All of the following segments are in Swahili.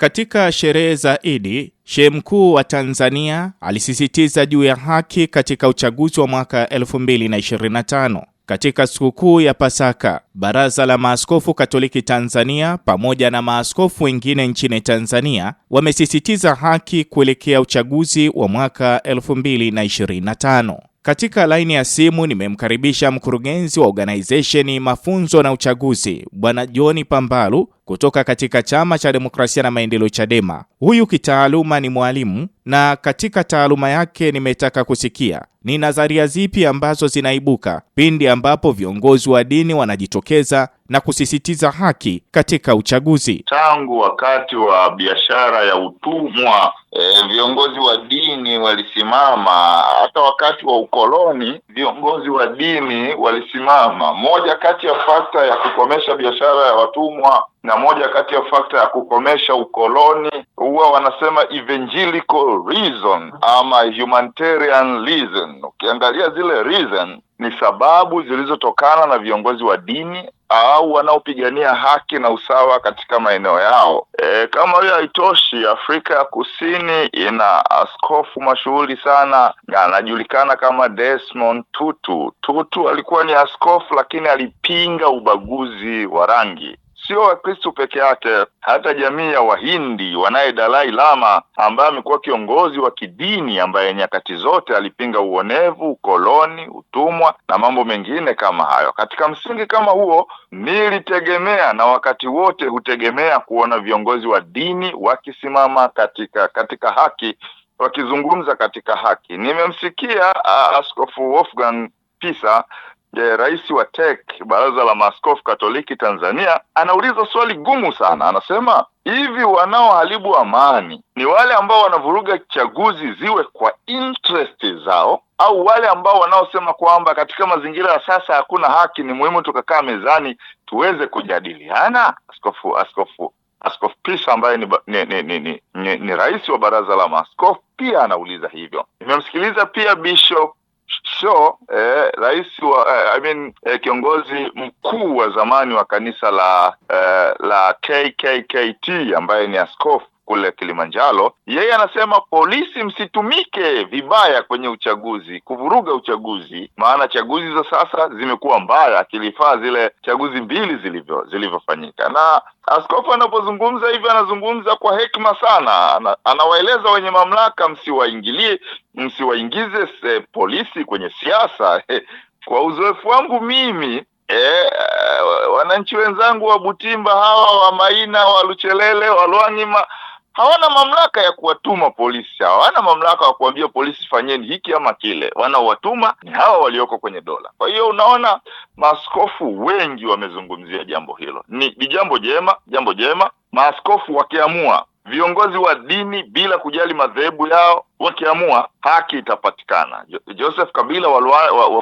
Katika sherehe za Idi, shehe mkuu wa Tanzania alisisitiza juu ya haki katika uchaguzi wa mwaka 2025. Katika sikukuu ya Pasaka, Baraza la Maaskofu Katoliki Tanzania pamoja na maaskofu wengine nchini Tanzania wamesisitiza haki kuelekea uchaguzi wa mwaka 2025. Katika laini ya simu nimemkaribisha mkurugenzi wa organizesheni mafunzo na uchaguzi Bwana John Pambalu kutoka katika chama cha demokrasia na maendeleo Chadema. Huyu kitaaluma ni mwalimu, na katika taaluma yake nimetaka kusikia ni nadharia zipi ambazo zinaibuka pindi ambapo viongozi wa dini wanajitokeza na kusisitiza haki katika uchaguzi. Tangu wakati wa biashara ya utumwa e, viongozi wa dini walisimama. Hata wakati wa ukoloni viongozi wa dini walisimama. Moja kati ya fakta ya kukomesha biashara ya watumwa na moja kati ya fakta ya kukomesha ukoloni huwa wanasema evangelical reason ama humanitarian reason. Ukiangalia zile reason ni sababu zilizotokana na viongozi wa dini au wanaopigania haki na usawa katika maeneo yao. E, kama hiyo haitoshi, Afrika ya Kusini ina askofu mashuhuri sana, anajulikana kama Desmond Tutu. Tutu alikuwa ni askofu, lakini alipinga ubaguzi wa rangi sio Wakristo peke yake, hata jamii ya Wahindi wanaye Dalai Lama ambaye amekuwa kiongozi wa kidini ambaye nyakati zote alipinga uonevu, ukoloni, utumwa na mambo mengine kama hayo. Katika msingi kama huo, nilitegemea na wakati wote hutegemea kuona viongozi wa dini wakisimama katika katika haki, wakizungumza katika haki. Nimemsikia Askofu Wolfgang Pisa rais wa TEC Baraza la Maaskofu Katoliki Tanzania anauliza swali gumu sana, anasema hivi, wanaoharibu amani ni wale ambao wanavuruga chaguzi ziwe kwa interest zao au wale ambao wanaosema kwamba katika mazingira ya sasa hakuna haki, ni muhimu tukakaa mezani tuweze kujadiliana? Askofu askofu Askofu Pisa ambaye ni, ni, ni, ni, ni, ni, ni rais wa Baraza la Maaskofu pia anauliza hivyo. Nimemsikiliza pia Bishop So eh, rais wa, eh, I mean, eh, kiongozi mkuu wa zamani wa kanisa la eh, la KKKT ambaye ni askofu kule Kilimanjaro. Yeye anasema polisi msitumike vibaya kwenye uchaguzi, kuvuruga uchaguzi, maana chaguzi za sasa zimekuwa mbaya, akilifaa zile chaguzi mbili zilivyo zilivyofanyika. Na askofu anapozungumza hivyo, anazungumza kwa hekima sana, ana, anawaeleza wenye mamlaka, msiwaingilie, msiwaingize polisi kwenye siasa. Kwa uzoefu wangu mimi E, wananchi wenzangu wa Butimba hawa wa Maina wa Luchelele wa Lwang'ima hawana mamlaka ya kuwatuma polisi, hawana mamlaka ya kuambia polisi fanyeni hiki ama kile. Wanaowatuma ni hawa walioko kwenye dola. Kwa hiyo unaona, maaskofu wengi wamezungumzia jambo hilo, ni ni jambo jema, jambo jema. Maaskofu wakiamua, viongozi wa dini bila kujali madhehebu yao wakiamua, haki itapatikana. Joseph Kabila wa, wa,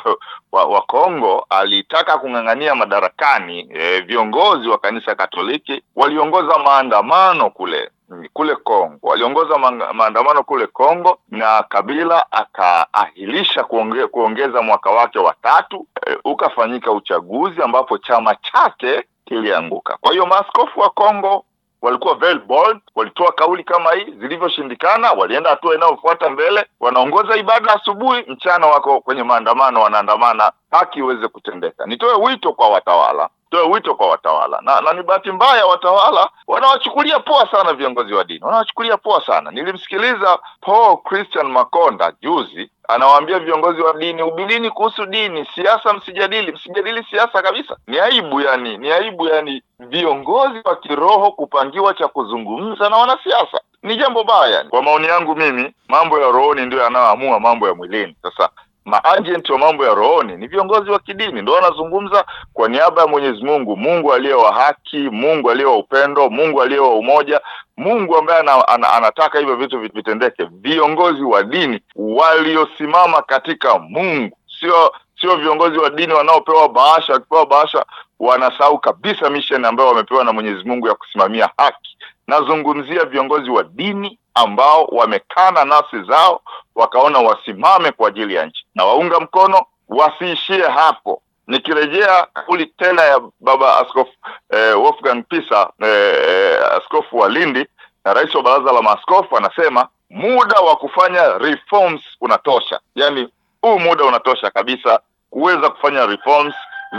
wa, wa Kongo alitaka kung'ang'ania madarakani. E, viongozi wa kanisa Katoliki waliongoza maandamano kule Mm, kule Kongo, aliongoza maandamano kule Kongo na Kabila akaahilisha kuonge, kuongeza mwaka wake wa tatu e, ukafanyika uchaguzi ambapo chama chake kilianguka. Kwa hiyo maaskofu wa Kongo walikuwa very bold, walitoa kauli kama hii. Zilivyoshindikana, walienda hatua inayofuata mbele, wanaongoza ibada asubuhi, mchana wako kwenye maandamano, wanaandamana haki iweze kutendeka. Nitoe wito kwa watawala Toe wito kwa watawala na, na ni bahati mbaya watawala wanawachukulia poa sana viongozi wa dini, wanawachukulia poa sana. Nilimsikiliza Paul Christian Makonda juzi anawaambia viongozi wa dini, ubilini kuhusu dini, siasa msijadili, msijadili siasa kabisa. Ni aibu yani, ni aibu yani viongozi wa kiroho kupangiwa cha kuzungumza na wanasiasa ni jambo baya. Kwa maoni yangu mimi, mambo ya rohoni ndio yanayoamua mambo ya mwilini. Sasa maajenti wa mambo ya rohoni ni viongozi wa kidini, ndio wanazungumza kwa niaba ya Mwenyezi Mungu, Mungu aliye wa haki, Mungu aliye wa upendo, Mungu aliye wa umoja, Mungu ambaye ana, ana, anataka hivyo vitu vitendeke. Viongozi wa dini waliosimama katika Mungu, sio sio viongozi wa dini wanaopewa bahasha, wakipewa bahasha wanasahau kabisa mission ambayo wamepewa na Mwenyezi Mungu ya kusimamia haki. Nazungumzia viongozi wa dini ambao wamekana nafsi zao wakaona wasimame kwa ajili ya nchi na waunga mkono, wasiishie hapo. Nikirejea kauli tena ya baba askofu eh, Wolfgang Pisa eh, askofu wa Lindi na rais wa baraza la maaskofu anasema muda wa kufanya reforms unatosha, yaani huu muda unatosha kabisa kuweza kufanya reforms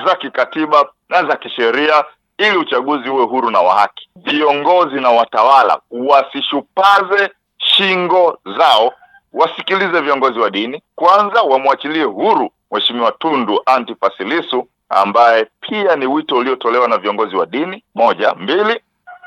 za kikatiba na za kisheria ili uchaguzi uwe huru na wa haki. Viongozi na watawala wasishupaze shingo zao, wasikilize viongozi wa dini kwanza, wamwachilie huru Mheshimiwa Tundu Antipas Lissu ambaye pia ni wito uliotolewa na viongozi wa dini. Moja, mbili,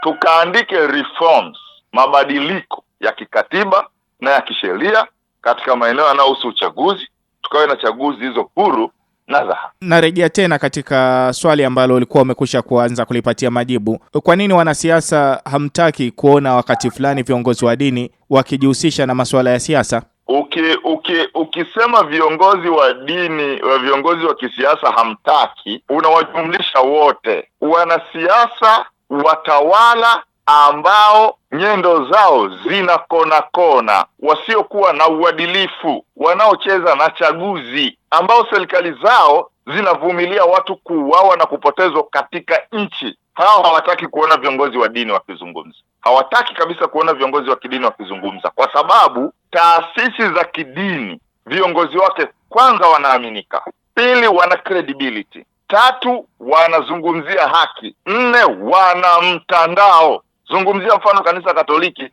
tukaandike reforms, mabadiliko ya kikatiba na ya kisheria katika maeneo yanayohusu uchaguzi, tukawe na chaguzi hizo huru nadhaha. Narejea tena katika swali ambalo ulikuwa umekwisha kuanza kulipatia majibu. Kwa nini wanasiasa hamtaki kuona wakati fulani viongozi wa dini wakijihusisha na masuala ya siasa? Uki, uki, ukisema viongozi wa dini wa viongozi wa kisiasa hamtaki, unawajumlisha wote wanasiasa, watawala ambao nyendo zao zina kona kona, wasiokuwa na uadilifu, wanaocheza na chaguzi, ambao serikali zao zinavumilia watu kuuawa na kupotezwa katika nchi. Hao hawataki kuona viongozi wa dini wakizungumza, hawataki kabisa kuona viongozi wa kidini wakizungumza, kwa sababu taasisi za kidini viongozi wake kwanza wanaaminika, pili wana credibility, tatu wanazungumzia haki, nne wana mtandao Zungumzia mfano kanisa Katoliki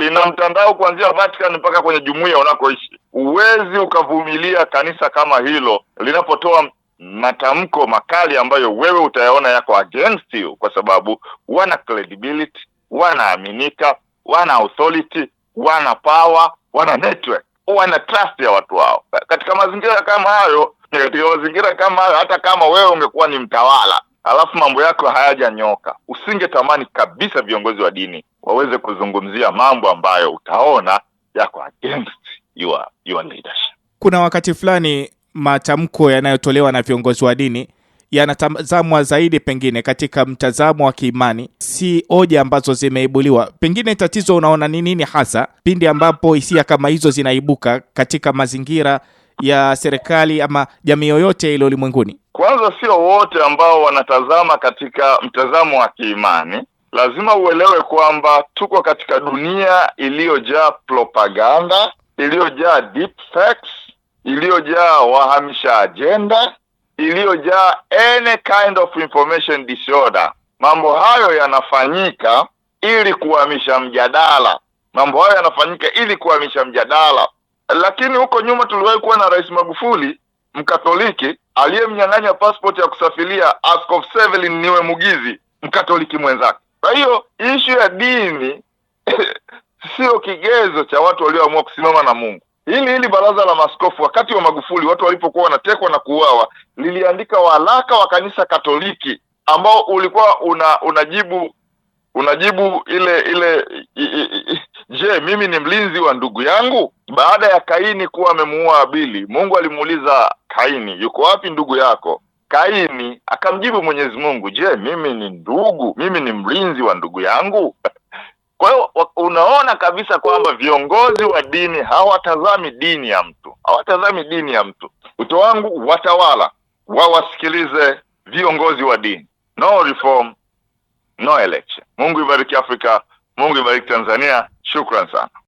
lina mtandao kuanzia Vatican mpaka kwenye jumuiya unakoishi. Huwezi ukavumilia kanisa kama hilo linapotoa matamko makali ambayo wewe utayaona yako against you, kwa sababu wana credibility, wanaaminika, wana authority, wana power, wana network, wana trust ya watu wao. Katika mazingira kama hayo, katika mazingira kama hayo, hata kama wewe ungekuwa ni mtawala alafu mambo yako hayajanyoka, usingetamani kabisa viongozi wa dini waweze kuzungumzia mambo ambayo utaona yako against your, your leadership. Kuna wakati fulani matamko yanayotolewa na viongozi wa dini yanatazamwa zaidi pengine katika mtazamo wa kiimani, si hoja ambazo zimeibuliwa. Pengine tatizo unaona ni nini hasa pindi ambapo hisia kama hizo zinaibuka katika mazingira ya serikali ama jamii yoyote ile ulimwenguni? Kwanza, sio wote ambao wanatazama katika mtazamo wa kiimani. Lazima uelewe kwamba tuko katika dunia iliyojaa propaganda, iliyojaa deep iliyojaa wahamisha ajenda, iliyojaa any kind of information disorder. Mambo hayo yanafanyika ili kuhamisha mjadala, mambo hayo yanafanyika ili kuhamisha mjadala. Lakini huko nyuma tuliwahi kuwa na Rais Magufuli Mkatoliki aliyemnyang'anya passport ya kusafiria Askofu Sevelin niwe Mugizi Mkatoliki mwenzake. Kwa hiyo ishu ya dini sio kigezo cha watu walioamua kusimama na Mungu. Hili hili baraza la maskofu wakati wa Magufuli, watu walipokuwa wanatekwa na kuuawa, liliandika waraka wa kanisa Katoliki ambao ulikuwa una, unajibu unajibu ile ile i, i, i, Je, mimi ni mlinzi wa ndugu yangu? Baada ya Kaini kuwa amemuua Abili, Mungu alimuuliza Kaini, yuko wapi ndugu yako? Kaini akamjibu Mwenyezi Mungu, je, mimi ni ndugu? Mimi ni mlinzi wa ndugu yangu? Kwa hiyo unaona kabisa kwamba viongozi wa dini hawatazami dini ya mtu, hawatazami dini ya mtu. Wito wangu watawala wawasikilize viongozi wa dini. No reform, no election. Mungu ibariki Afrika. Mungu ibariki Tanzania. Shukran sana.